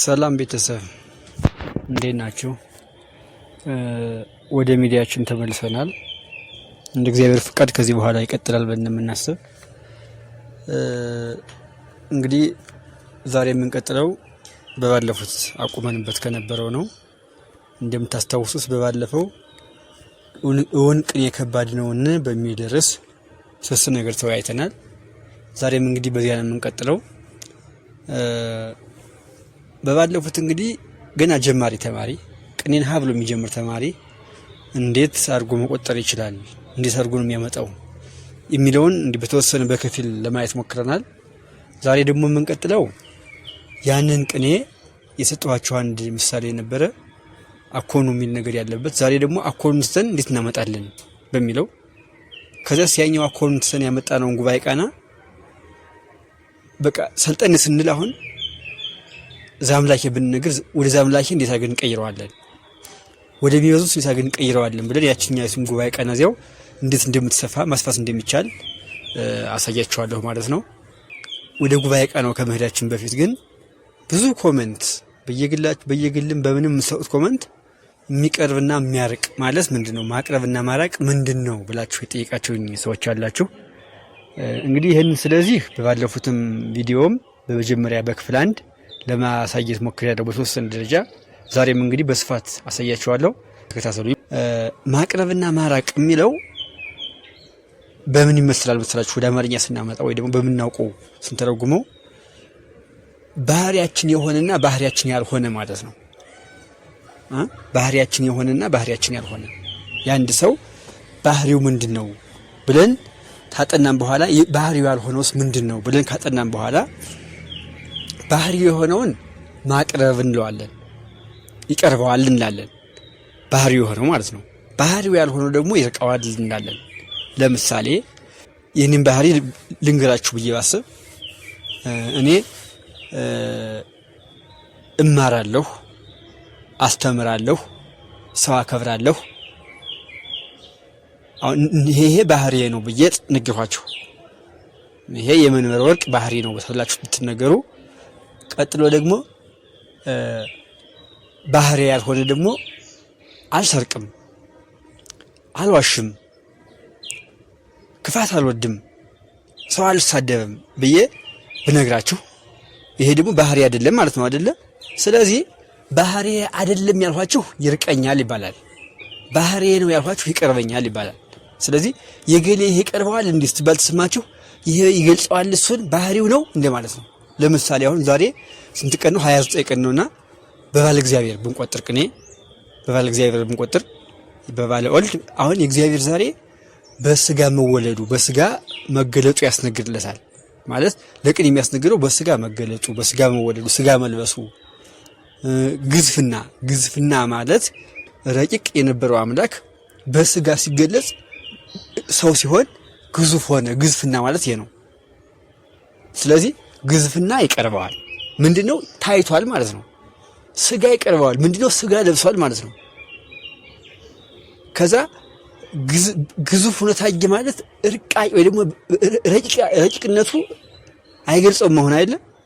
ሰላም ቤተሰብ እንዴት ናችሁ? ወደ ሚዲያችን ተመልሰናል። እንደ እግዚአብሔር ፍቃድ ከዚህ በኋላ ይቀጥላል ብለን የምናስብ እንግዲህ ዛሬ የምንቀጥለው በባለፉት አቁመንበት ከነበረው ነው። እንደምታስታውሱት በባለፈው እውን ቅኔ ከባድ ነውን በሚል ርዕስ ሶስት ነገር ተወያይተናል። ዛሬም እንግዲህ በዚያ ነው የምንቀጥለው። በባለፉት እንግዲህ ገና ጀማሪ ተማሪ ቅኔን ሀ ብሎ የሚጀምር ተማሪ እንዴት አድርጎ መቆጠር ይችላል፣ እንዴት አድርጎ ነው የሚያመጣው የሚለውን እንዲህ በተወሰነ በከፊል ለማየት ሞክረናል። ዛሬ ደግሞ የምንቀጥለው ያንን ቅኔ የሰጠኋቸው አንድ ምሳሌ የነበረ አኮኑ የሚል ነገር ያለበት ዛሬ ደግሞ አኮኑን ትተን እንዴት እናመጣለን በሚለው ከዚያስ ያኛው አኮኑ ትተን ነውን ጉባኤ ቃና በቃ ሰልጠን ስንል አሁን አምላኬ ብንነግር ወደ አምላኬ እንዴት አድርገን እንቀይረዋለን? ወደ ሚበዙት እንዴት አድርገን እንቀይረዋለን ብለን ያችኛ የሱም ጉባኤ ቀን እዚያው እንዴት እንደምትሰፋ ማስፋት እንደሚቻል አሳያችኋለሁ ማለት ነው። ወደ ጉባኤ ቀናው ከመሄዳችን በፊት ግን ብዙ ኮመንት በየግላችሁ በየግልም በምንም የምትሰጡት ኮመንት የሚቀርብና የሚያርቅ ማለት ምንድን ነው ማቅረብና ማራቅ ምንድን ነው ብላችሁ የጠየቃችሁኝ ሰዎች አላችሁ። እንግዲህ ይህን ስለዚህ በባለፉትም ቪዲዮም በመጀመሪያ በክፍል አንድ ለማሳየት ያለው በተወሰነ ደረጃ። ዛሬም እንግዲህ በስፋት አሳያችኋለሁ። ተከታተሉ። ማቅረብና ማራቅ የሚለው በምን ይመስላል መሰላችሁ? ወደ አማርኛ ስናመጣ ወይ ደግሞ በምናውቀው ስንተረጉመው ባህሪያችን የሆነና ባህሪያችን ያልሆነ ማለት ነው። ባህሪያችን የሆነና ባህሪያችን ያልሆነ የአንድ ሰው ባህሪው ምንድን ነው ብለን ካጠናም በኋላ ባህሪው ያልሆነውስ ምንድን ነው ብለን ካጠናም በኋላ ባህሪ የሆነውን ማቅረብ እንለዋለን፣ ይቀርበዋል እንላለን። ባህሪ የሆነው ማለት ነው። ባህሪው ያልሆነው ደግሞ ይርቀዋል እንላለን። ለምሳሌ ይህንን ባህሪ ልንገራችሁ ብዬ ባስብ እኔ እማራለሁ፣ አስተምራለሁ፣ ሰው አከብራለሁ። ይሄ ባህሪ ነው ብዬ ንግሯችሁ ይሄ የመንበር ወርቅ ባህሪ ነው ተብላችሁ ብትነገሩ ቀጥሎ ደግሞ ባህሪ ያልሆነ ደግሞ አልሰርቅም፣ አልዋሽም፣ ክፋት አልወድም፣ ሰው አልሳደብም ብዬ ብነግራችሁ ይሄ ደግሞ ባህሪ አይደለም ማለት ነው አይደለ? ስለዚህ ባህሪ አይደለም ያልኋችሁ ይርቀኛል ይባላል። ባህሪ ነው ያልኋችሁ ይቀርበኛል ይባላል። ስለዚህ የገሌ ይቀርበዋል እንዲህ ስትባል ትስማችሁ ይሄ ይገልጸዋል እሱን ባህሪው ነው እንደማለት ነው። ለምሳሌ አሁን ዛሬ ስንት ቀን ነው? 29 ቀን ነውና በባለ እግዚአብሔር ብንቆጥር ቅኔ በባለ እግዚአብሔር ብንቆጥር በባለ ወልድ አሁን የእግዚአብሔር ዛሬ በስጋ መወለዱ በስጋ መገለጡ ያስነግድለታል። ማለት ለቅኔ የሚያስነግደው በስጋ መገለጡ በስጋ መወለዱ ስጋ መልበሱ ግዝፍና ግዝፍና ማለት ረቂቅ የነበረው አምላክ በስጋ ሲገለጽ ሰው ሲሆን ግዙፍ ሆነ። ግዝፍና ማለት ይሄ ነው። ስለዚህ ግዝፍና ይቀርበዋል። ምንድነው ታይቷል ማለት ነው። ስጋ ይቀርበዋል። ምንድነው ስጋ ለብሷል ማለት ነው። ከዛ ግዙፍ ሆኖ ታየ ማለት እርቃይ ወይ ደግሞ ረቂቅነቱ አይገልጸውም መሆን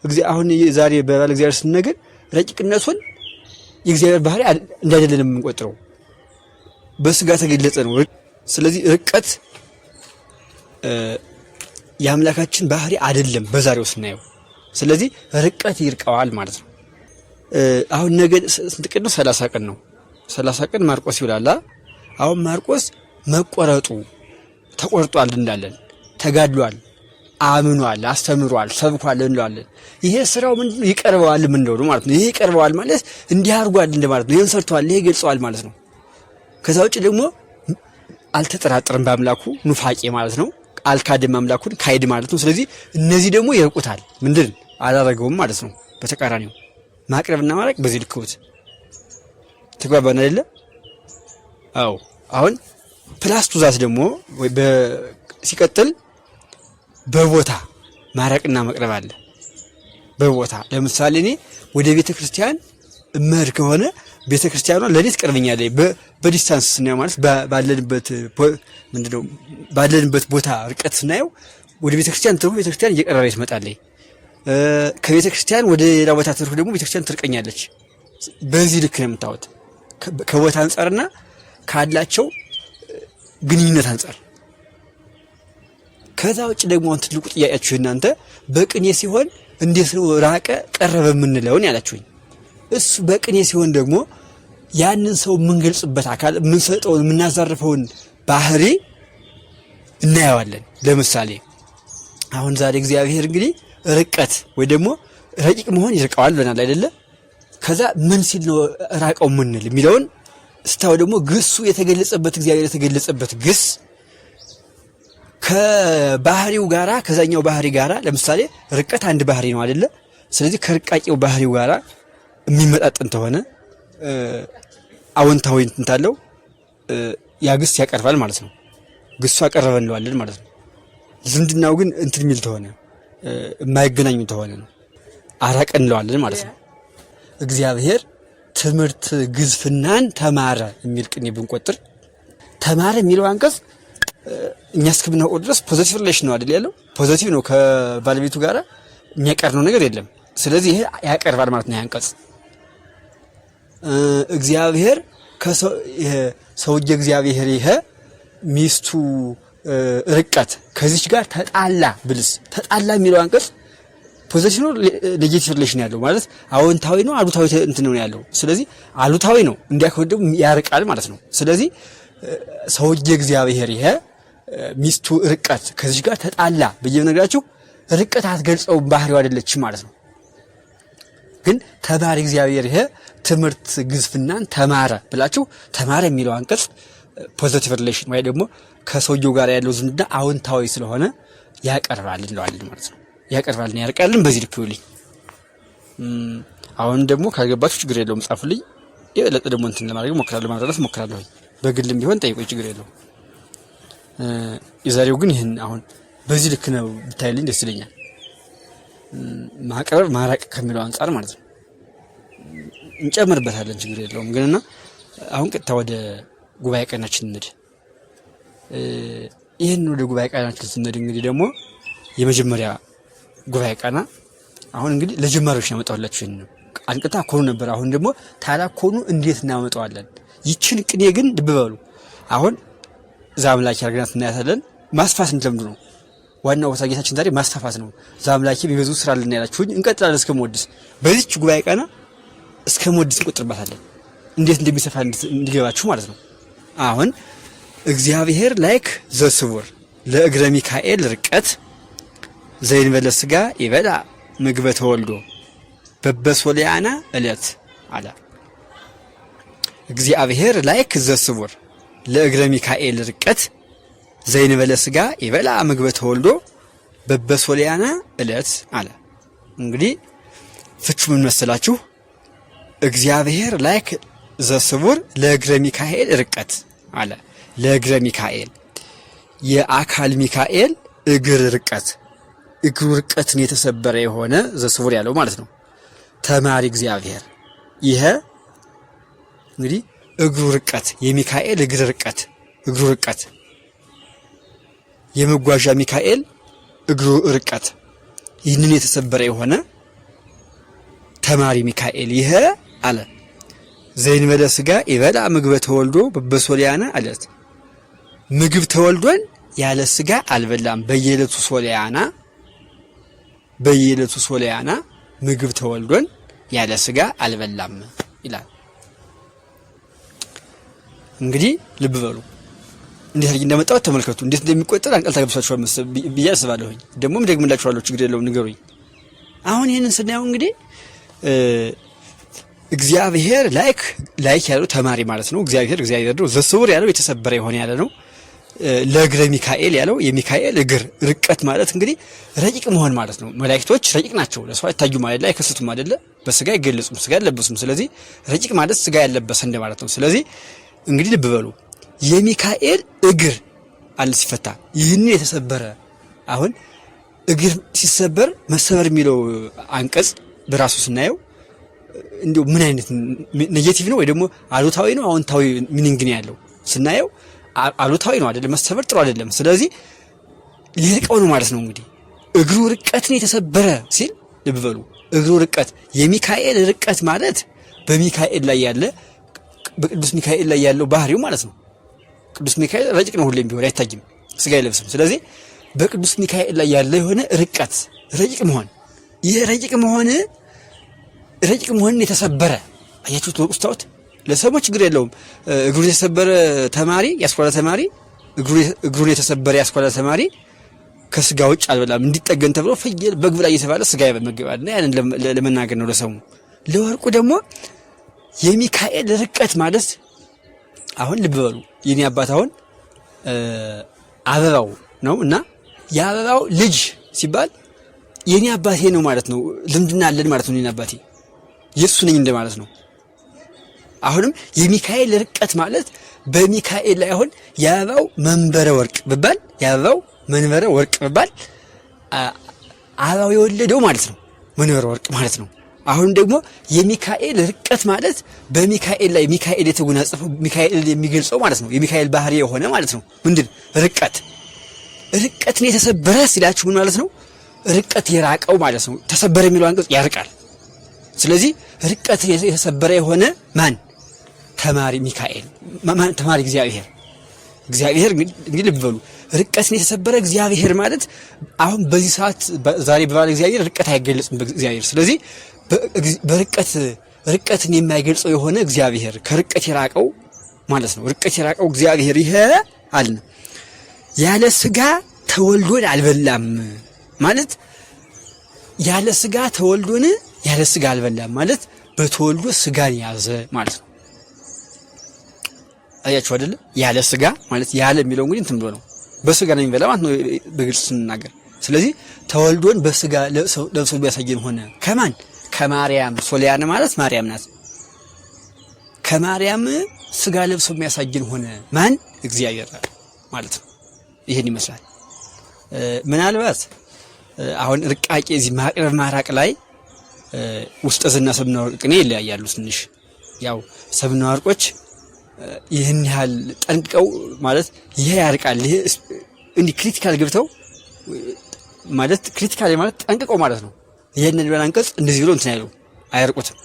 እግዚአ አሁን ዛሬ በባለ እግዚአብሔር ስንነገር ረቂቅነቱን የእግዚአብሔር ባህሪ እንዳይደለን የምንቆጥረው በስጋ ተገለጸ ነው። ስለዚህ ርቀት የአምላካችን ባህሪ አይደለም በዛሬው ስናየው። ስለዚህ ርቀት ይርቀዋል ማለት ነው። አሁን ነገ ስንት ቀን ነው? ሰላሳ ቀን ነው። ሰላሳ ቀን ማርቆስ ይውላላ። አሁን ማርቆስ መቆረጡ ተቆርጧል እንዳለን ተጋድሏል፣ አምኗል፣ አስተምሯል፣ ሰብኳል እንለዋለን። ይሄ ስራው ምንድን ነው? ይቀርበዋል እንደሆኑ ማለት ነው። ይሄ ይቀርበዋል ማለት እንዲህ አድርጓል እንደማለት ነው። ይህን ሰርተዋል፣ ይሄ ገልጸዋል ማለት ነው። ከዛ ውጭ ደግሞ አልተጠራጠርም በአምላኩ ኑፋቄ ማለት ነው። አልካድም አምላኩን ካይድ ማለት ነው። ስለዚህ እነዚህ ደግሞ ይርቁታል፣ ምንድን አላረገውም ማለት ነው። በተቃራኒው ማቅረብና ማራቅ በዚህ ልክቡት ተግባባን አይደለ? አዎ። አሁን ፕላስ ቱዛት ደግሞ ሲቀጥል በቦታ ማራቅና መቅረብ አለ። በቦታ ለምሳሌ እኔ ወደ ቤተ ክርስቲያን እመሄድ ከሆነ ቤተ ክርስቲያኗ ለእኔት ቅርብኛ ላይ በዲስታንስ ስናየው ማለት ባለንበት ምንድነው ባለንበት ቦታ ርቀት ስናየው ወደ ቤተ ክርስቲያን ትርፉ ቤተ ክርስቲያን እየቀረበ ትመጣለች። ከቤተ ክርስቲያን ወደ ሌላ ቦታ ትርፉ ደግሞ ቤተ ክርስቲያን ትርቀኛለች። በዚህ ልክ ነው የምታወት ከቦታ አንጻርና ካላቸው ግንኙነት አንጻር። ከዛ ውጭ ደግሞ አሁን ትልቁ ጥያቄያችሁ እናንተ በቅኔ ሲሆን እንዴት ነው ራቀ ቀረበ የምንለውን ያላችሁኝ እሱ በቅኔ ሲሆን ደግሞ ያንን ሰው የምንገልጽበት አካል የምንሰጠውን የምናዛርፈውን ባህሪ እናየዋለን። ለምሳሌ አሁን ዛሬ እግዚአብሔር እንግዲህ ርቀት ወይ ደግሞ ረቂቅ መሆን ይርቀዋል ብለናል አይደለ? ከዛ ምን ሲል ነው ራቀው ምንል የሚለውን ስታው ደግሞ ግሱ የተገለጸበት እግዚአብሔር የተገለጸበት ግስ ከባህሪው ጋራ ከዛኛው ባህሪ ጋራ ለምሳሌ ርቀት አንድ ባህሪ ነው አይደለ? ስለዚህ ከርቃቄው ባህሪው ጋራ የሚመጣጥን ተሆነ አዎንታዊ እንትን ታለው ያ ግስ ያቀርባል ማለት ነው። ግሱ አቀረበ እንለዋለን ማለት ነው። ዝምድናው ግን እንትን የሚል ተሆነ የማይገናኙ ተሆነ ነው አራቀ እንለዋለን ማለት ነው። እግዚአብሔር ትምህርት ግዝፍናን ተማረ የሚል ቅኔ ብንቆጥር ተማረ የሚለው አንቀጽ እኛ እስከምናውቀው ድረስ ፖዘቲቭ ሪሌሽን ነው አይደል ያለው ፖዘቲቭ ነው። ከባለቤቱ ጋር የሚያቀርነው ነገር የለም። ስለዚህ ይሄ ያቀርባል ማለት ነው ያንቀጽ እግዚአብሔር ሰውዬ እግዚአብሔር ይሄ ሚስቱ ርቀት ከዚች ጋር ተጣላ ብልስ ተጣላ የሚለው አንቀጽ ፖዘቲቭ ኔጌቲቭ ሪሌሽን ያለው ማለት አዎንታዊ ነው፣ አሉታዊ እንትን ነው ያለው። ስለዚህ አሉታዊ ነው እንዲያከው ደግሞ ያርቃል ማለት ነው። ስለዚህ ሰውዬ እግዚአብሔር ይሄ ሚስቱ ርቀት ከዚች ጋር ተጣላ ብዬ ነግራችሁ ርቀት አትገልጸውም ባህሪው አይደለችም ማለት ነው። ግን ተማሪ እግዚአብሔር ይሄ ትምህርት ግዝፍናን ተማረ ብላችሁ ተማረ የሚለው አንቀጽ ፖዘቲቭ ሪሌሽን ወይ ደግሞ ከሰውየው ጋር ያለው ዝምድና አዎንታዊ ስለሆነ ያቀርባል እንለዋለን ማለት ነው። ያቀርባልን ያርቃልን። በዚህ ልክ ይውልኝ። አሁን ደግሞ ካገባችሁ ችግር የለውም ጻፉልኝ። የበለጠ ደግሞ እንትን ለማድረግ ሞክራለሁ፣ ማድረስ ሞክራለሁ። በግልም ቢሆን ጠይቆኝ ችግር የለውም። የዛሬው ግን ይህን አሁን በዚህ ልክ ነው ብታይልኝ ደስ ይለኛል። ማቅረብ ማራቅ ከሚለው አንጻር ማለት ነው። እንጨምርበታለን፣ ችግር የለውም ግን እና አሁን ቀጥታ ወደ ጉባኤ ቀናችን እንሂድ። ይህን ወደ ጉባኤ ቀናችን ስንሄድ እንግዲህ ደግሞ የመጀመሪያ ጉባኤ ቀና አሁን እንግዲህ ለጀማሪዎች ያመጣላችሁ ይህን ነው። አንቅታ ኮኑ ነበር። አሁን ደግሞ ታላ ኮኑ እንዴት እናመጣዋለን? ይችን ቅኔ ግን ልብ በሉ አሁን እዛ አምላክ ያርገናት እናያታለን። ማስፋት እንድለምዱ ነው ዋናው ቦታ ጌታችን ዛሬ ማስፋፋት ነው። ዛምላኪ ቢበዙ ስራ ልና ያላችሁኝ እንቀጥላለን። እስከ መወድስ በዚች ጉባኤ ቀና እስከ መወድስ እንቆጥርባታለን። እንዴት እንደሚሰፋ እንዲገባችሁ ማለት ነው። አሁን እግዚአብሔር ላይክ ዘስቡር ለእግረ ሚካኤል ርቀት ዘይንበለ ስጋ ይበላ ምግበ ተወልዶ በበሶሊያና እለት አለ እግዚአብሔር ላይክ ዘስቡር ለእግረ ሚካኤል ርቀት ዘይንበለ ስጋ ይበላ ምግበ ተወልዶ በበሶሊያና እለት አለ። እንግዲህ ፍቹ ምን መሰላችሁ? እግዚአብሔር ላይክ ዘስቡር ለእግረ ሚካኤል ርቀት አለ። ለእግረ ሚካኤል የአካል ሚካኤል እግር ርቀት እግሩ ርቀትን የተሰበረ የሆነ ዘስቡር ያለው ማለት ነው። ተማሪ እግዚአብሔር ይሄ እንግዲህ እግሩ ርቀት የሚካኤል እግር ርቀት እግሩ ርቀት የመጓዣ ሚካኤል እግሩ ርቀት ይህንን የተሰበረ የሆነ ተማሪ ሚካኤል ይሄ አለ ዘእንበለ ስጋ ይበላ ምግበ ተወልዶ በሶልያና አለት ምግብ ተወልዶን ያለ ስጋ አልበላም። በየለቱ ሶሊያና በየለቱ ሶሊያና ምግብ ተወልዶን ያለ ስጋ አልበላም ይላል። እንግዲህ ልብ በሉ። እንዴት አድርጌ እንዳመጣሁት ተመልከቱ። እንዴት እንደሚቆጠር አንቀል ታገብሳችኋል ብዬ አስባለሁኝ። ደግሞም ደግምላችኋለሁ፣ ችግር የለውም ንገሩኝ። አሁን ይህንን ስናየው እንግዲህ እግዚአብሔር ላይክ ላይክ ያለው ተማሪ ማለት ነው። እግዚአብሔር እግዚአብሔር ነው። ዘስውር ያለው የተሰበረ የሆነ ያለ ነው። ለእግረ ሚካኤል ያለው የሚካኤል እግር ርቀት ማለት እንግዲህ ረቂቅ መሆን ማለት ነው። መላእክቶች ረቂቅ ናቸው። ለሰው አይታዩም ላይ አይከስቱም አይደለ? በስጋ አይገለጹም፣ ስጋ አይለበሱም። ስለዚህ ረቂቅ ማለት ስጋ ያለበሰ እንደማለት ነው። ስለዚህ እንግዲህ ልብ በሉ። የሚካኤል እግር አለ ሲፈታ ይህንን የተሰበረ አሁን እግር ሲሰበር መሰበር የሚለው አንቀጽ በራሱ ስናየው እንዲሁ ምን አይነት ኔጌቲቭ ነው ወይ ደግሞ አሉታዊ ነው አዎንታዊ ሚኒንግ ነው ያለው ስናየው አሉታዊ ነው አይደለም፣ መሰበር ጥሩ አይደለም። ስለዚህ ሊርቀው ነው ማለት ነው። እንግዲህ እግሩ ርቀትን የተሰበረ ሲል ልብ በሉ፣ እግሩ ርቀት የሚካኤል ርቀት ማለት በሚካኤል ላይ ያለ በቅዱስ ሚካኤል ላይ ያለው ባህሪው ማለት ነው። ቅዱስ ሚካኤል ረቂቅ ነው፣ ሁሌም ቢሆን አይታይም፣ ስጋ አይለብስም። ስለዚህ በቅዱስ ሚካኤል ላይ ያለ የሆነ ርቀት ረቂቅ መሆን ይህ ረቂቅ መሆን ረቂቅ መሆንን የተሰበረ አያችሁት ውስታወት ለሰሞች ችግር የለውም። እግሩን የተሰበረ ተማሪ ያስኳላ ተማሪ እግሩን የተሰበረ ያስኳላ ተማሪ ከስጋ ውጭ አልበላም እንዲጠገን ተብሎ ፍየል በግብ ላይ እየተባለ ስጋ ይመገባል እና ያንን ለመናገር ነው ለሰሙ። ለወርቁ ደግሞ የሚካኤል ርቀት ማለት አሁን ልብ በሉ የኔ አባት አሁን አበባው ነው እና የአበባው ልጅ ሲባል የኔ አባቴ ነው ማለት ነው። ልምድና አለን ማለት ነው። የኔ አባቴ የእሱ ነኝ እንደ ማለት ነው። አሁንም የሚካኤል ርቀት ማለት በሚካኤል ላይ አሁን የአበባው መንበረ ወርቅ ብባል የአበባው መንበረ ወርቅ ብባል አበባው የወለደው ማለት ነው። መንበረ ወርቅ ማለት ነው። አሁን ደግሞ የሚካኤል ርቀት ማለት በሚካኤል ላይ ሚካኤል የተጎናጸፈው ሚካኤል የሚገልጸው ማለት ነው። የሚካኤል ባህሪ የሆነ ማለት ነው። ምንድን ርቀት ርቀትን የተሰበረ ሲላችሁ ማለት ነው። ርቀት የራቀው ማለት ነው። ተሰበረ የሚለው አንቀጽ ያርቃል። ስለዚህ ርቀትን የተሰበረ የሆነ ማን ተማሪ ሚካኤል ማን ተማሪ እግዚአብሔር እግዚአብሔር እንግዲህ ልብ በሉ ርቀትን የተሰበረ እግዚአብሔር ማለት አሁን በዚህ ሰዓት ዛሬ በባለ እግዚአብሔር ርቀት አይገለጽም በእግዚአብሔር ስለዚህ በርቀት ርቀትን የማይገልጸው የሆነ እግዚአብሔር ከርቀት የራቀው ማለት ነው። ርቀት የራቀው እግዚአብሔር ይሄ አለ ያለ ስጋ ተወልዶን አልበላም ማለት ያለ ስጋ ተወልዶን ያለ ስጋ አልበላም ማለት በተወልዶ ስጋን ያዘ ማለት ነው። አያችሁ አይደለ? ያለ ስጋ ማለት ያለ የሚለው እንግዲህ እንትን ብሎ ነው በስጋ ነው የሚበላ ማለት ነው በግልጽ ስንናገር። ስለዚህ ተወልዶን በስጋ ለብሶ ቢያሳየን ሆነ ከማን ከማርያም ሶሊያን ማለት ማርያም ናት። ከማርያም ስጋ ለብሶ የሚያሳጅን ሆነ ማን እግዚአብሔር ማለት ነው። ይህን ይመስላል። ምናልባት አሁን ርቃቄ እዚህ ማቅረብ ማራቅ ላይ ውስጠ ዝና ሰብና ወርቅ ቅኔ ይለያያሉ። ትንሽ ያው ሰብና ወርቆች ይህን ያህል ጠንቅቀው ማለት ይሄ ያርቃል ይሄ እንዲህ ክሪቲካል ገብተው ማለት ክሪቲካል ማለት ጠንቅቀው ማለት ነው ይህን ብለን አንቀጽ እንደዚህ ብሎ እንትን አይሉ አያርቁትም።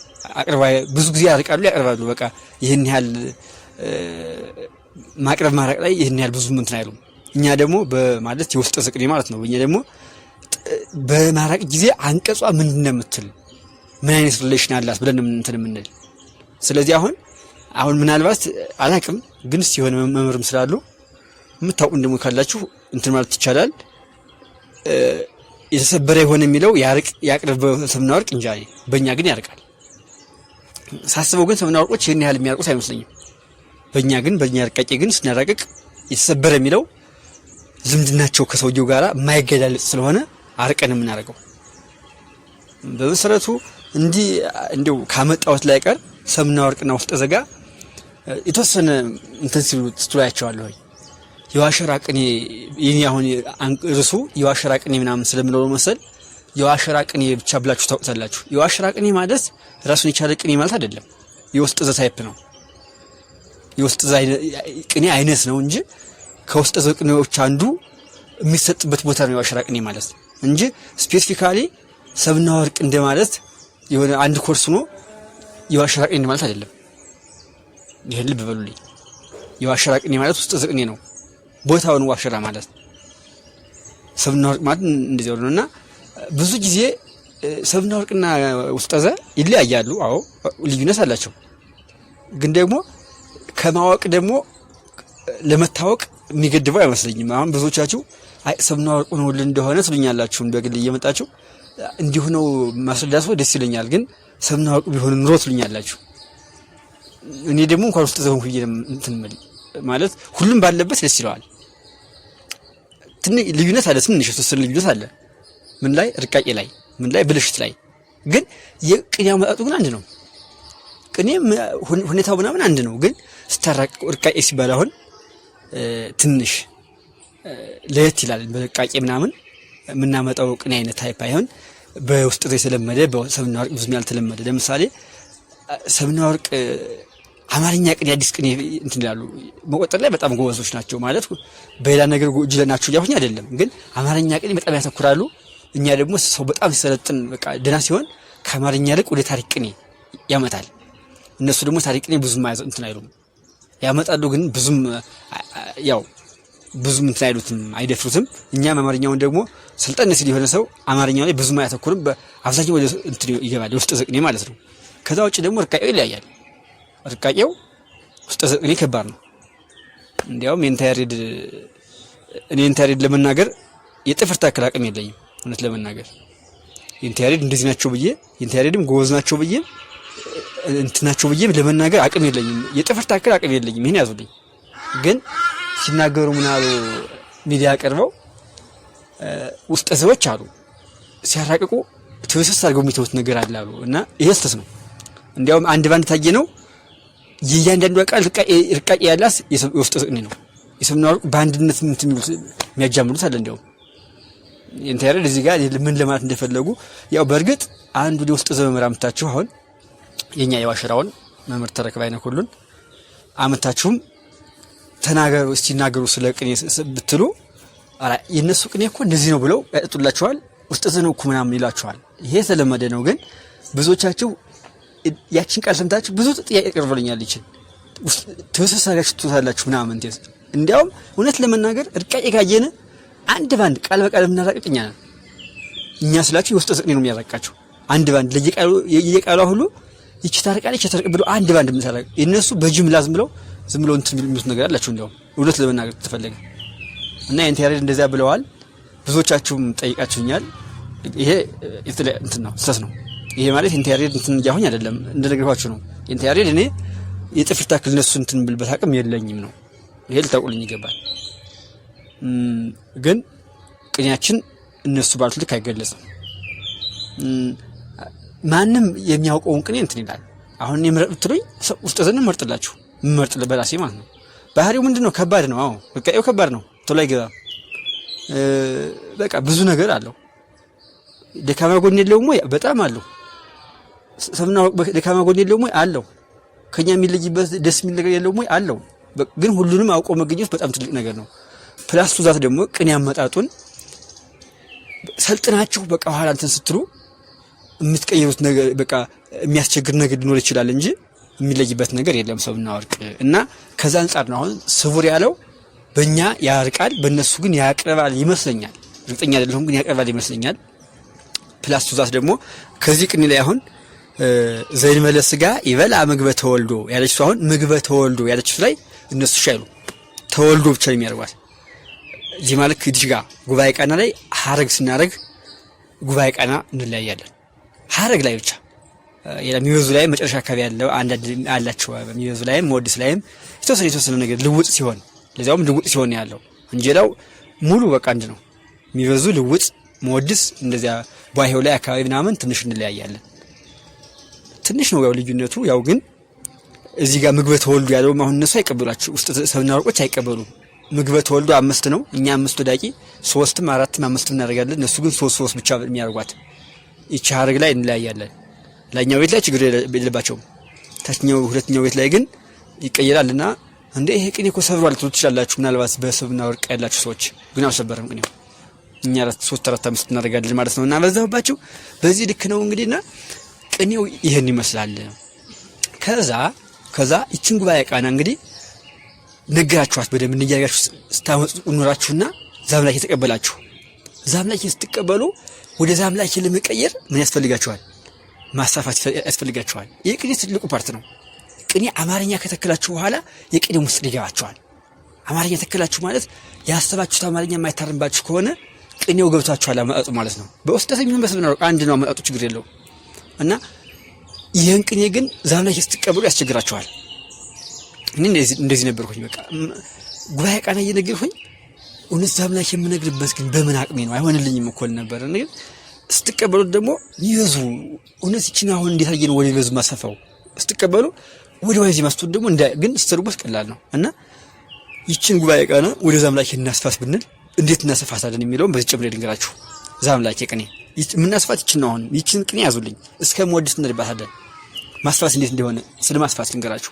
አቅርባ ብዙ ጊዜ ያርቃሉ፣ ያቀርባሉ። በቃ ይህን ያህል ማቅረብ ማራቅ ላይ ይህን ያህል ብዙም እንትን አይሉም። እኛ ደግሞ በማለት የውስጥ ስቅኔ ማለት ነው። እኛ ደግሞ በማራቅ ጊዜ አንቀጿ ምንድን ነው የምትል ምን አይነት ሪሌሽን አላት ብለን እንትን የምንል ስለዚህ አሁን አሁን ምናልባት አላቅም ግን ሲሆን መምህርም ስላሉ የምታውቁን ደግሞ ካላችሁ እንትን ማለት ይቻላል። የተሰበረ የሆነ የሚለው ያቅርብ ሰምና ወርቅ እንጂ በእኛ ግን ያርቃል። ሳስበው ግን ሰምና ወርቆች ይህን ያህል የሚያርቁት አይመስለኝም። በእኛ ግን በእኛ ርቃቄ ግን ስናራቅቅ የተሰበረ የሚለው ዝምድናቸው ከሰውየው ጋር ማይገዳልጥ ስለሆነ አርቀን የምናደርገው በመሰረቱ እንዲህ እንዲው ካመጣሁት ላይ ቀር ሰምና ወርቅና ውስጠ ዘጋ የተወሰነ ኢንተንሲቭ ሲሉ የዋሸራ ቅኔ ይህ አሁን ርሱ የዋሸራ ቅኔ ምናምን ስለምለው መሰል የዋሸራ ቅኔ ብቻ ብላችሁ ታውቁታላችሁ። የዋሸራ ቅኔ ማለት ራሱን የቻለ ቅኔ ማለት አይደለም። የውስጥ ዘ ታይፕ ነው። የውስጥ ዘ ቅኔ አይነት ነው እንጂ ከውስጥ ዘ ቅኔዎች አንዱ የሚሰጥበት ቦታ ነው የዋሸራ ቅኔ ማለት እንጂ ስፔሲፊካሊ ሰብና ወርቅ እንደማለት የሆነ አንድ ኮርስ ሆኖ የዋሸራ ቅኔ ማለት አይደለም። ይሄን ልብ በሉልኝ። የዋሸራ ቅኔ ማለት ውስጥ ዘ ቅኔ ነው። ቦታውን ዋሸራ ማለት ነው። ሰብና ወርቅ ማለት እንደዚህ ነው እና ብዙ ጊዜ ሰብና ወርቅና ውስጠዘ ይለያያሉ። አዎ ልዩነት አላቸው። ግን ደግሞ ከማወቅ ደግሞ ለመታወቅ የሚገድበው አይመስለኝም። አሁን ብዙዎቻችሁ አይ ሰብና ወርቁ ነው እንደሆነ ትሉኛላችሁ። በግል እየመጣችሁ እንዲሁ ነው ማስረዳት ደስ ይለኛል። ግን ሰብና ወርቁ ቢሆን ኑሮ ትሉኛላችሁ። እኔ ደግሞ እንኳን ውስጥ ዘሆን ሁዬ እንትን ማለት ሁሉም ባለበት ደስ ይለዋል። ትንሽ ልዩነት አለ፣ ትንሽ ስስር ልዩነት አለ። ምን ላይ ርቃቄ ላይ ምን ላይ ብልሽት ላይ ግን የቅኔ አመጣጡ ግን አንድ ነው። ቅኔ ሁኔታው ምናምን አንድ ነው። ግን ስታራቅ ርቃቄ ሲባል አሁን ትንሽ ለየት ይላል። በርቃቄ ምናምን የምናመጣው ቅኔ አይነት ታይፕ አይሆን በውስጥ የተለመደ በሰምና ወርቅ ብዙም ያልተለመደ ለምሳሌ ሰምና ወርቅ አማርኛ ቅኔ፣ አዲስ ቅኔ እንትን ይላሉ። መቆጠር ላይ በጣም ጎበዞች ናቸው ማለት በሌላ ነገር እጅለ ናቸው እያሁኝ አይደለም፣ ግን አማርኛ ቅኔ በጣም ያተኩራሉ። እኛ ደግሞ ሰው በጣም ሲሰለጥን በቃ ደህና ሲሆን ከአማርኛ ልቅ ወደ ታሪክ ቅኔ ያመጣል። እነሱ ደግሞ ታሪክ ቅኔ ብዙም እንትን አይሉም ያመጣሉ፣ ግን ብዙም ያው ብዙም እንትን አይሉትም አይደፍሩትም። እኛም አማርኛውን ደግሞ ስልጠን ሲል የሆነ ሰው አማርኛው ላይ ብዙም አያተኩርም። በአብዛኛው ወደ እንትን ይገባል የውስጥ ዘቅኔ ማለት ነው። ከዛ ውጭ ደግሞ ርቃዩ ይለያያል። ርቃቄው ውስጥ ከባድ ነው። እንዲያውም የኢንተርኔት እኔ ኢንተርኔት ለመናገር የጥፍር አክል አቅም የለኝም። እውነት ለመናገር ኢንተርኔት እንደዚህ ናቸው ብዬ ኢንተርኔትም ጎበዝ ናቸው ብዬ ናቸው ብዬ ለመናገር አቅም የለኝም። የጥፍር አክል አቅም የለኝም። ይሄን ያዙልኝ። ግን ሲናገሩ ምናሉ ሚዲያ ቀርበው ውስጠ ሰዎች አሉ ሲያራቅቁ ትብስስ አድርገው የሚተውት ነገር አለ አሉ እና ይሄ ስህተት ነው። እንዲያውም አንድ ባንድ ታየ ነው የእያንዳንዱ ቃል ርቃቄ ያላስ የውስጥ ጥቅኒ ነው። የሰምና በአንድነት የሚያጃምሉት አለ። እንዲያውም ኢንተር እዚህ ጋር ምን ለማለት እንደፈለጉ ያው በእርግጥ አንዱ የውስጥ ዘመምር አምታችሁ አሁን የኛ የዋሽራውን መምህር ተረክብ አይነት ሁሉን አምታችሁም ተናገሩ ሲናገሩ ስለ ቅኔ ብትሉ የእነሱ ቅኔ እኮ እንደዚህ ነው ብለው ያጠጡላችኋል። ውስጥ ዘነው እኮ ምናምን ይላችኋል። ይሄ የተለመደ ነው። ግን ብዙዎቻችሁ ያችን ቃል ሰምታችሁ ብዙ ጥያቄ ቀርቦልኛል። ይችል ተወሰስ ትታላችሁ ምናምን እንዴት እንዲያውም እውነት ለመናገር እርቃቄ ካየነ አንድ ባንድ ቃል በቃል የምናራቅቅ እኛ ነን። እኛ ስላችሁ የውስጥ ስቅኔ ነው የሚያራቃችሁ። አንድ ባንድ ለየቃሏ ሁሉ ይቺ ታርቃለች ታርቅ ብሎ አንድ ባንድ የምታራቅ የእነሱ በጅምላ ዝም ብለው ዝም ብለው እንትን የሚሉት ነገር አላችሁ። እንዲያውም እውነት ለመናገር ተፈለገ እና የእንት ያሬድ እንደዚያ ብለዋል። ብዙዎቻችሁም ጠይቃችሁኛል። ይሄ እንትን ነው ስህተት ነው። ይሄ ማለት ኢንተሪየር እንትን እያሁኝ አይደለም እንደነገርኳችሁ ነው። ኢንተሪየር እኔ የጥፍር ታክል እነሱ እንትን ብልበት አቅም የለኝም ነው። ይሄ ልታውቁልኝ ይገባል። ግን ቅኔያችን እነሱ ባሉት ልክ አይገለጽም። ማንም የሚያውቀውን ቅኔ እንትን ይላል። አሁን እኔ ምረጥ ውስጥ ውስጠትን መርጥላችሁ መርጥ በራሴ ማለት ነው። ባህሪው ምንድን ነው? ከባድ ነው። አዎ በቃ ይኸው ከባድ ነው። ቶሎ አይገባም። በቃ ብዙ ነገር አለው። ደካማ ጎን የለውም ወይ? በጣም አለው። ሰምና ደካማ ጎን የለውም ወይ? አለው። ከኛ የሚለይበት ደስ የሚል ነገር የለውም ወይ? አለው። ግን ሁሉንም አውቆ መገኘት በጣም ትልቅ ነገር ነው። ፕላስ ዛት ደግሞ ቅን ያመጣጡን ሰልጥናችሁ በቃ ኋላ እንትን ስትሉ የምትቀይሩት ነገር በቃ የሚያስቸግር ነገር ሊኖር ይችላል እንጂ የሚለይበት ነገር የለም ሰብና ወርቅ እና ከዛ አንጻር ነው አሁን ስቡር ያለው በእኛ ያርቃል፣ በእነሱ ግን ያቅርባል ይመስለኛል። እርግጠኛ አይደለሁም ግን ያቀርባል ይመስለኛል። ፕላስ ዛት ደግሞ ከዚህ ቅኒ ላይ አሁን ዘይንመለስ ስጋ ይበላ ምግበ ተወልዶ ያለች አሁን ምግበ ተወልዶ ያለች ላይ እነሱ ሻይሉ ተወልዶ ብቻ የሚያደርጓት። እዚህ ማለት ከዲሽ ጋ ጉባኤ ቀና ላይ ሀረግ ስናደረግ ጉባኤ ቀና እንለያያለን። ሀረግ ላይ ብቻ የሚበዙ ላይ መጨረሻ አካባቢ ያለው አንዳንድ አላቸው። የሚበዙ ላይም ወድስ ላይም የተወሰነ የተወሰነ ነገር ልውጥ ሲሆን ለዚያውም ልውጥ ሲሆን ያለው እንጀራው ሙሉ በቃ አንድ ነው። የሚበዙ ልውጥ መወድስ እንደዚያ ቧሄው ላይ አካባቢ ምናምን ትንሽ እንለያያለን። ትንሽ ነው ያው ልዩነቱ ያው ግን እዚህ ጋር ምግበ ተወልዱ ያለው አሁን እነሱ አይቀበሏቸው ውስጥ ሰብና ወርቆች አይቀበሉም። ምግበ ተወልዱ አምስት ነው። እኛ አምስት ወዳቂ ሶስትም አራትም አምስትም እናደርጋለን። እነሱ ግን ሶስት ሶስት ብቻ የሚያደርጓት ይቺ ሀረግ ላይ እንለያያለን። ላይኛው ቤት ላይ ችግር የለባቸውም። ታችኛው ሁለተኛው ቤት ላይ ግን ይቀየራል እና እንደ ይሄ ቅኔ እኮ ሰብሯል ትሉ ትችላላችሁ። ምናልባት በሰብና ወርቅ ያላችሁ ሰዎች ግን አልሰበረም ቅኔው እኛ ሶስት አራት አምስት እናደርጋለን ማለት ነው እና በዛባቸው በዚህ ልክ ነው እንግዲህ ቅኔው ይህን ይመስላል። ከዛ ከዛ ይችን ጉባኤ ቃና እንግዲህ ነገራችኋት በደንብ እንያያችሁ ስታመጡ ኑራችሁና ዛምላኬ ተቀበላችሁ። ዛምላኬ ስትቀበሉ ወደ ዛምላኬ ለመቀየር ምን ያስፈልጋችኋል? ማሳፋት ያስፈልጋችኋል። ይህ ቅኔ ትልቁ ፓርት ነው። ቅኔ አማርኛ ከተከላችሁ በኋላ የቅኔ ውስጥ ይገባችኋል። አማርኛ ተከላችሁ ማለት ያሰባችሁት አማርኛ የማይታረምባችሁ ከሆነ ቅኔው ገብቷችኋል አመጣጡ ማለት ነው። በውስጠት የሚሆን በስብ አንድ ነው አመጣጡ ችግር የለው እና ይህን ቅኔ ግን ዛም ላይ ስትቀበሉ ያስቸግራቸዋል። እንደዚህ ነበርኩኝ። በቃ ጉባኤ ቃና እየነገርኩኝ እውነት ዛም ላይ የምነግርበት ግን በምን አቅሜ ነው? አይሆንልኝም እኮ ነበር። ግን ስትቀበሉት ደግሞ ይበዙ እውነት ይችን አሁን እንዴት አየን ወደ ይበዙ ማሰፋው ስትቀበሉ ወደ ዋይዚ ማስቱት ደግሞ ግን ስትተርጉት ቀላል ነው እና ይችን ጉባኤ ቃና ወደ ዛምላክ እናስፋስ ብንል እንዴት እናስፋታለን የሚለውን በዚህ ጨምሬ ልንገራችሁ። ዛምላክ ቅኔ የምናስፋት ይችን ነው። አሁንም ይችን ቅኔ ያዙልኝ እስከ መወድስ እንደባታለን ማስፋት እንዴት እንደሆነ ስለ ማስፋት ልንገራችሁ።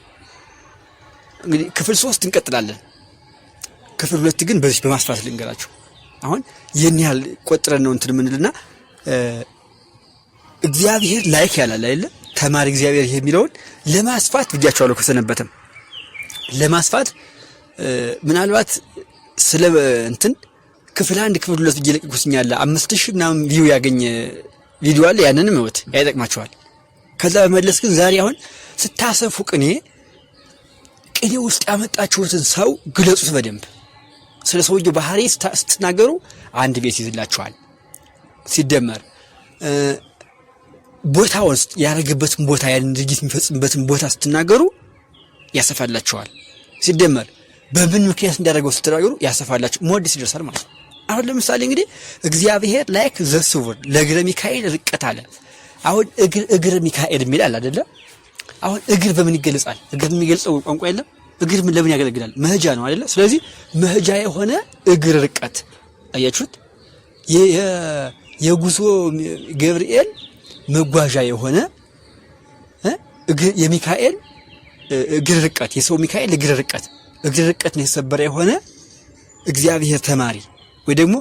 እንግዲህ ክፍል ሶስት እንቀጥላለን። ክፍል ሁለት ግን በዚህ በማስፋት ልንገራችሁ። አሁን ይህን ያህል ቆጥረን ነው እንትን የምንልና እግዚአብሔር ላይክ ያላል አይደለ? ተማሪ እግዚአብሔር የሚለውን ለማስፋት ብያቸዋለሁ። ከሰነበተም ለማስፋት ምናልባት ስለ እንትን ክፍል አንድ ክፍል ሁለት ብዬ ለቅቁስኛለ አምስት ሺ ምናምን ቪው ያገኘ ቪዲዮ አለ። ያንንም ህይወት ያይጠቅማቸዋል። ከዛ በመለስ ግን ዛሬ አሁን ስታሰፉ ቅኔ ቅኔ ውስጥ ያመጣችሁትን ሰው ግለጹት በደንብ ስለ ሰውየው ባህሪ ስትናገሩ አንድ ቤት ይዝላችኋል። ሲደመር ቦታ ውስጥ ያደረገበትን ቦታ ያን ድርጊት የሚፈጽምበትን ቦታ ስትናገሩ ያሰፋላችኋል። ሲደመር በምን ምክንያት እንዳደረገው ስትናገሩ ያሰፋላችሁ ሞዲስ ይደርሳል ማለት ነው። አሁን ለምሳሌ እንግዲህ እግዚአብሔር ላይክ ስውር ለእግረ ሚካኤል ርቀት አለ። አሁን እግር ሚካኤል የሚል አለ አደለ? አሁን እግር በምን ይገለጻል? እግር የሚገልጸው ቋንቋ የለም። እግር ለምን ያገለግላል? መሄጃ ነው አደለ? ስለዚህ መሄጃ የሆነ እግር ርቀት አያችሁት? የጉዞ ገብርኤል መጓዣ የሆነ የሚካኤል እግር ርቀት፣ የሰው ሚካኤል እግር ርቀት፣ እግር ርቀት ነው የሰበረ የሆነ እግዚአብሔር ተማሪ ወይ ደግሞ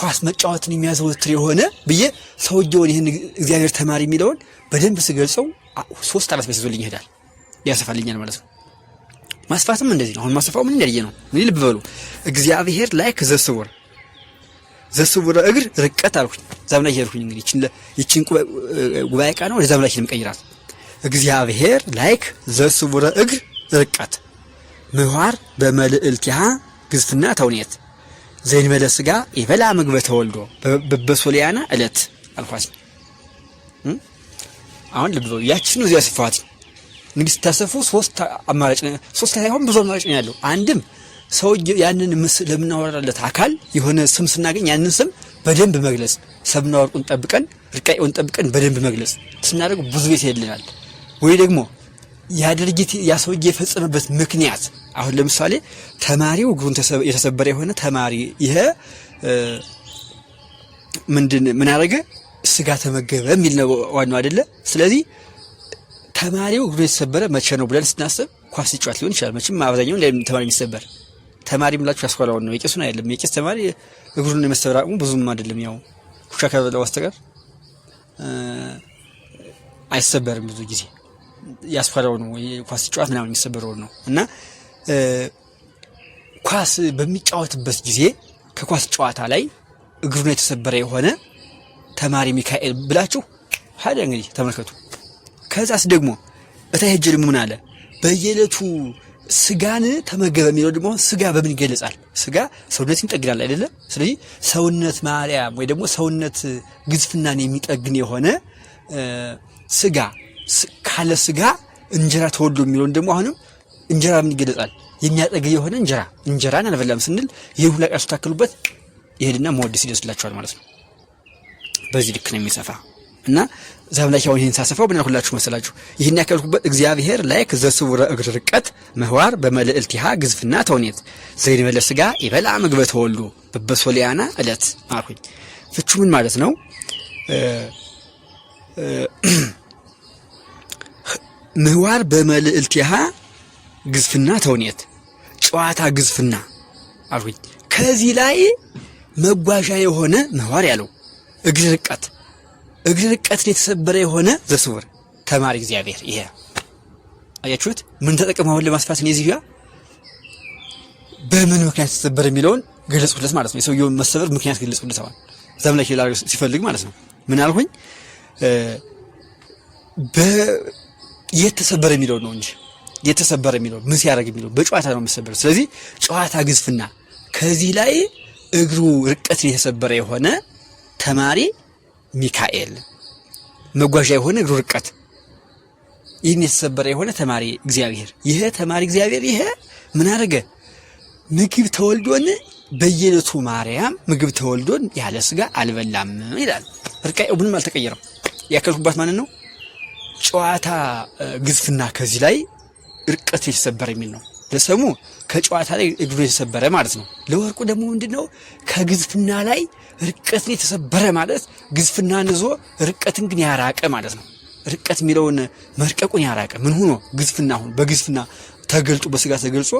ኳስ መጫወትን የሚያዘወትር የሆነ ብዬ ሰውየውን ይህን እግዚአብሔር ተማሪ የሚለውን በደንብ ስገልጸው ሶስት አራት ይዞልኝ ይሄዳል፣ ያሰፋልኛል ማለት ነው። ማስፋትም እንደዚህ ነው። አሁን ማስፋው ምን እንዳየ ነው። ምን ልብ በሉ እግዚአብሔር ላይ ከዘስውር ዘስቡር እግር ርቀት አልኩኝ። ዛም ላይ ይሄድኩኝ እንግዲህ ይችን ይችን ጉባኤ ቃ ነው። ዛም ላይ ይሄን ቀይራት። እግዚአብሔር ላይክ ዘስውረ እግር ርቀት ምህዋር በመልእልቲሃ ግዝፍና ተውኔት ዘእንበለ ስጋ ይበላ ምግበ ተወልዶ በበሶሊያና እለት አልኳት። አሁን ልብ በሉ። ያችን እዚያ ስፋት እንግዲህ ስታሰፉ ሶስት አማራጭ ሶስት ሳይሆን ብዙ አማራጭ ነው ያለው። አንድም ሰው ያንን ምስል ለምናወራለት አካል የሆነ ስም ስናገኝ ያንን ስም በደንብ መግለጽ፣ ሰብና ወርቁን ጠብቀን ርቃኤውን ጠብቀን በደንብ መግለጽ ስናደርግ ብዙ ቤት ይልናል። ወይ ደግሞ ያ ድርጊት ያ ሰውዬ የፈጸመበት ምክንያት አሁን ለምሳሌ ተማሪው እግሩን የተሰበረ የሆነ ተማሪ ይሄ ምንድን ምን አደረገ? ስጋ ተመገበ የሚል ነው ዋናው አይደለ? ስለዚህ ተማሪው እግሩ የተሰበረ መቼ ነው ብለን ስናስብ ኳስ ሲጫወት ሊሆን ይችላል። መቼም አብዛኛው ተማሪ የሚሰበር ተማሪ የምላችሁ ያስኳላውን ነው፣ የቄሱን አይደለም። የቄስ ተማሪ እግሩን የመሰበር አቅሙ ብዙም አይደለም፣ ያው ኩሻ ከበለ በስተቀር አይሰበርም ብዙ ጊዜ ያስኳላው ነው፣ ኳስ ሲጫወት ምናምን የሚሰበረውን ነው እና ኳስ በሚጫወትበት ጊዜ ከኳስ ጨዋታ ላይ እግሩ ነው የተሰበረ የሆነ ተማሪ ሚካኤል ብላችሁ ሀደ እንግዲህ ተመልከቱ። ከዛስ ደግሞ በታይ ደግሞ ምን አለ? በየዕለቱ ስጋን ተመገበ የሚለው ደግሞ ስጋ በምን ይገለጻል? ስጋ ሰውነት ይጠግናል አይደለም። ስለዚህ ሰውነት ማርያም ወይ ደግሞ ሰውነት ግዝፍናን የሚጠግን የሆነ ስጋ ካለ ስጋ እንጀራ ተወልዶ የሚለውን ደግሞ አሁንም እንጀራ ምን ይገለጻል? የሚያጠግብ የሆነ እንጀራ እንጀራን አልበላም ስንል ይህ ሁላ ቃል ስታክሉበት ይሄድና መወደስ ይደርስላችኋል ማለት ነው። በዚህ ልክ ነው የሚሰፋ እና ዛም ላይ ያሁን ይህን ሳሰፋው ምን ሁላችሁ መሰላችሁ? ይህን ያከልኩበት እግዚአብሔር ላይ ዘስውረ እግር ርቀት ምህዋር በመልእልቲሃ ግዝፍና ተውኔት ዘይን መለስ ስጋ ይበላ ምግበ ተወሉ በበሶሊያና እለት አልኩኝ። ፍቹ ምን ማለት ነው? ምህዋር በመልእልቲሃ ግዝፍና ተውኔት፣ ጨዋታ ግዝፍና አልሁኝ። ከዚህ ላይ መጓዣ የሆነ ምህዋር ያለው እግር ርቀት፣ እግር ርቀትን የተሰበረ የሆነ ዘስውር ተማሪ እግዚአብሔር። ይሄ አያችሁት? ምን ተጠቅመውን ለማስፋት ነው? እዚህ ጋር በምን ምክንያት ተሰበረ የሚለውን ገለጽሁለት ማለት ነው። የሰውየውን መሰበር ምክንያት ገለጽሁለት። አሁን እዛም ላይ ሄላ ሲፈልግ ማለት ነው ምን አልሁኝ? የተሰበረ የሚለው ነው እንጂ የተሰበረ የሚለው ምን ሲያደርግ የሚለው በጨዋታ ነው የሚሰበረ። ስለዚህ ጨዋታ ግዝፍና ከዚህ ላይ እግሩ ርቀት የተሰበረ የሆነ ተማሪ ሚካኤል መጓዣ የሆነ እግሩ ርቀት ይህን የተሰበረ የሆነ ተማሪ እግዚአብሔር ይሄ ተማሪ እግዚአብሔር ይሄ ምን አደረገ? ምግብ ተወልዶን በየዕለቱ ማርያም ምግብ ተወልዶን ያለ ስጋ አልበላም ይላል። ርቃኤው ምንም አልተቀየረም። ያከልኩባት ማንን ነው? ጨዋታ ግዝፍና ከዚህ ላይ እርቀቱ የተሰበረ የሚል ነው። ለሰሙ ከጨዋታ ላይ እግሩ የተሰበረ ማለት ነው። ለወርቁ ደግሞ ምንድን ነው? ከግዝፍና ላይ እርቀትን የተሰበረ ማለት ግዝፍና ንዞ እርቀትን ግን ያራቀ ማለት ነው። እርቀት የሚለውን መርቀቁን ያራቀ ምን ሆኖ ግዝፍና ሁኖ በግዝፍና ተገልጦ በስጋ ተገልጾ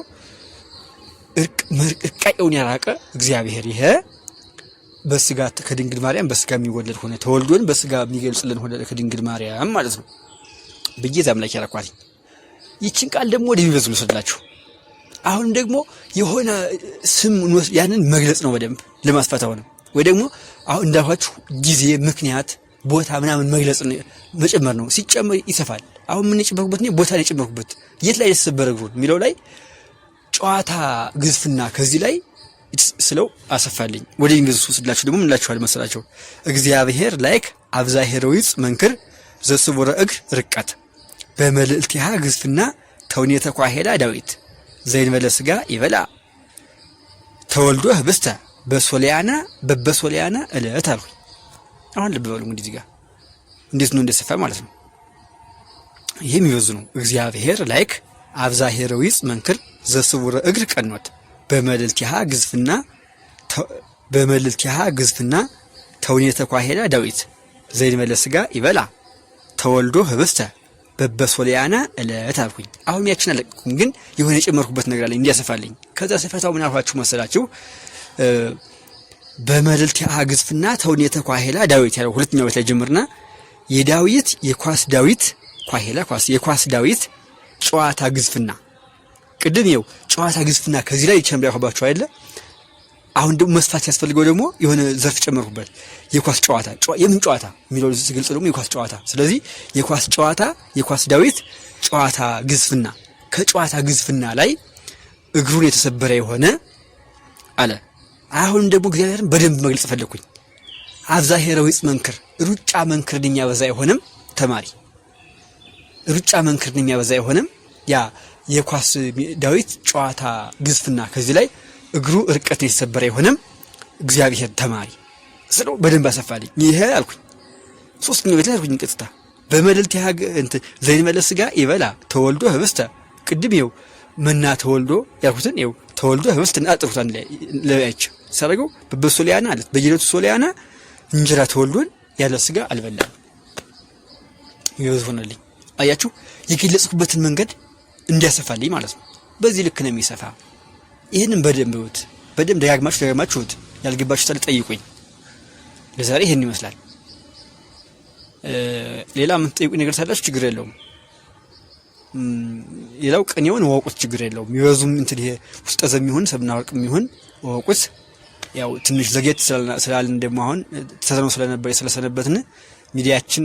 እርቃቄውን ያራቀ እግዚአብሔር ይሄ በስጋ ከድንግል ማርያም በስጋ የሚወለድ ሆነ ተወልዶን በስጋ የሚገልጽልን ሆነ ከድንግል ማርያም ማለት ነው። ብዬ ዛምላክ ያረኳት ይችን ቃል ደግሞ ወደ ቢበዝ ልውሰድላችሁ። አሁን ደግሞ የሆነ ስም ያንን መግለጽ ነው በደንብ ለማስፋት አሁንም ወይ ደግሞ አሁን እንዳልኳችሁ ጊዜ፣ ምክንያት፣ ቦታ ምናምን መግለጽ መጨመር ነው። ሲጨመር ይሰፋል። አሁን የምንጨመርኩበት ቦታ ነው የጨመርኩበት የት ላይ የተሰበረ እግሩን የሚለው ላይ ጨዋታ ግዝፍና ከዚህ ላይ ስለው አሰፋልኝ። ወደ ኢንግሊዝ ስላችሁ ደግሞ ምንላችኋል መሰላቸው እግዚአብሔር ላይክ አብዛሄረዊጽ መንክር ዘስቡረ እግር ርቀት በመልእልቲሃ ግዝፍና ተውኔተ ኳሄላ ዳዊት ዘይን በለስጋ ይበላ ተወልዶ ህብስተ በሶሊያና በበሶሊያና እለት አልኩ። አሁን ልብ በሉ እንግዲህ ጋር እንዴት ነው እንደሰፋ ማለት ነው። ይህ የሚበዙ ነው። እግዚአብሔር ላይክ አብዛሄር ዊጽ መንክር ዘስውረ እግር ቀኖት በመልእልቲሃ ግዝፍና በመልእልቲሃ ግዝፍና ተውኔተ ኳሄላ ዳዊት ዘእንበለ ሥጋ ይበላ ተወልዶ ህብስተ በበሶሊያና እለት አልኩኝ። አሁን ያችን አለቅኩም፣ ግን የሆነ የጨመርኩበት ነገር አለኝ እንዲያሰፋልኝ። ከዛ ስፈታው ምን አልኳችሁ መሰላችሁ? በመልልቲ አግዝፍና ተውኔተ ኳሄላ ዳዊት ያለው ሁለተኛ ቤት ላይ ጀምርና የዳዊት የኳስ ዳዊት ኳሄላ ኳስ የኳስ ዳዊት ጨዋታ ግዝፍና ቅድም ይኸው ጨዋታ ግዝፍና ከዚህ ላይ ቸምቢያ ሆባችሁ አይደለ አሁን ደግሞ መስፋት ሲያስፈልገው ደግሞ የሆነ ዘርፍ ጨመርኩበት። የኳስ ጨዋታ የምን ጨዋታ የሚለው ሲገልጽ ደግሞ የኳስ ጨዋታ። ስለዚህ የኳስ ጨዋታ፣ የኳስ ዳዊት፣ ጨዋታ ግዝፍና። ከጨዋታ ግዝፍና ላይ እግሩን የተሰበረ የሆነ አለ። አሁን ደግሞ እግዚአብሔርን በደንብ መግለጽ ፈለግኩኝ። አብዛሄረዊ መንክር ሩጫ መንክርን የሚያበዛ አይሆንም። ተማሪ ሩጫ መንክርን የሚያበዛ አይሆንም። ያ የኳስ ዳዊት ጨዋታ ግዝፍና ከዚህ ላይ እግሩ እርቀት የተሰበረ የሆነም እግዚአብሔር ተማሪ ስለው በደንብ አሰፋልኝ። ይሄ አልኩኝ። ሶስተኛ ቤት ላይ አልኩኝ ቀጥታ በመልልት ያገ እንት ዘይን መለስ ጋ ይበላ ተወልዶ ህብስተ ቅድም ይው መና ተወልዶ ያልኩትን ይው ተወልዶ ህብስትን አጥሩት አንድ ላይ ለያች ሳረገው በበሶ አለት በየለቱ ሶሊያና እንጀራ ተወልዶን ያለ ስጋ አልበላም። ይወዝ ሆነልኝ። አያችሁ የገለጽኩበትን መንገድ እንዲያሰፋልኝ ማለት ነው። በዚህ ልክ ነው የሚሰፋ ይህንን በደንብ እዩት፣ በደንብ ደጋግማችሁ ደጋግማችሁ እዩት። ያልገባችሁ ታዲያ ጠይቁኝ። ለዛሬ ይህን ይመስላል። ሌላ የምትጠይቁኝ ነገር ታላችሁ ችግር የለውም። ሌላው ቅኔውን ወቁት፣ ችግር የለውም። ይበዙም እንትን ይሄ ውስጠ ዘ የሚሆን ሰብና ወርቅ የሚሆን ወቁት። ያው ትንሽ ዘጌት ስላልን ደግሞ አሁን ስለነበር ስለሰነበትን ሚዲያችን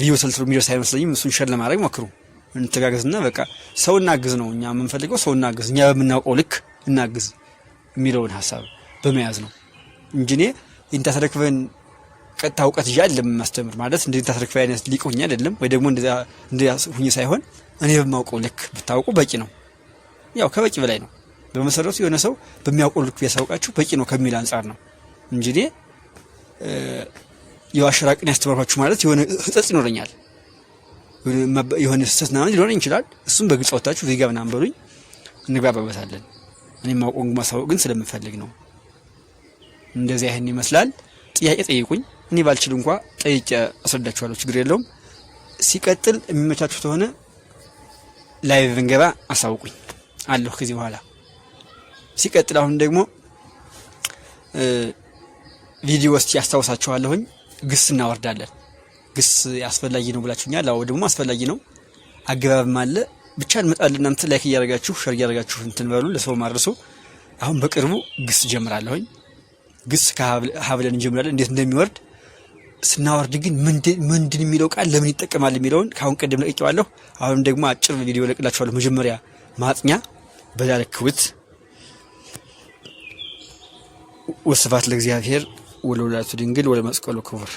ቪዲዮ ተልትሎ የሚደርስ አይመስለኝም። እሱን ሸር ለማድረግ ሞክሩ። እንተጋገዝና በቃ ሰው እናግዝ ነው እኛ የምንፈልገው። ሰው እናግዝ እኛ በምናውቀው ልክ እናግዝ የሚለውን ሀሳብ በመያዝ ነው እንጂ እኔ እንታስረክበን ቀጥታ እውቀት እያ አይደለም የማስተምር ማለት እንደ ኢንተስረክበ አይነት ሊቆኝ አይደለም ወይ ደግሞ እንደዚያ ሳይሆን እኔ በማውቀው ልክ ብታውቁ በቂ ነው። ያው ከበቂ በላይ ነው። በመሰረቱ የሆነ ሰው በሚያውቀው ልክ ቢያሳውቃችሁ በቂ ነው ከሚል አንጻር ነው እንጂ እኔ የአሸራቅን ያስተማርኳችሁ ማለት የሆነ ህጸጽ ይኖረኛል የሆነ ስህተት ምናምን ሊኖረኝ ይችላል። እሱም በግልጽ ወታችሁ ዜጋ ምናምን በሉኝ እንግባባበታለን። እኔ ማቆም ማሳወቅ ግን ስለምፈልግ ነው። እንደዚህ ይህን ይመስላል። ጥያቄ ጠይቁኝ። እኔ ባልችል እንኳ ጠይቄ አስረዳችኋለሁ። ችግር የለውም። ሲቀጥል የሚመቻችሁ ከሆነ ላይቭ እንገባ አሳውቁኝ አለሁ ከዚህ በኋላ። ሲቀጥል አሁን ደግሞ ቪዲዮ ውስጥ ያስታውሳችኋለሁኝ። ግስ እናወርዳለን። ግስ አስፈላጊ ነው ብላችሁኛል። አዎ ደግሞ አስፈላጊ ነው። አገባብም አለ ብቻ እንመጣለን። እናንተ ላይክ እያደረጋችሁ ሸር እያደረጋችሁ እንትን በሉ ለሰው ማድረሱ። አሁን በቅርቡ ግስ ጀምራለሁኝ። ግስ ከሀብለን እንጀምራለን። እንዴት እንደሚወርድ ስናወርድ ግን ምንድን የሚለው ቃል ለምን ይጠቀማል የሚለውን ከአሁን ቀደም ለቅቄዋለሁ። አሁንም ደግሞ አጭር ቪዲዮ ለቅላችኋለሁ። መጀመሪያ ማጥኛ በዛ ለክውት ለእግዚአብሔር ወለላቱ ድንግል ወለመስቀሉ ክቡር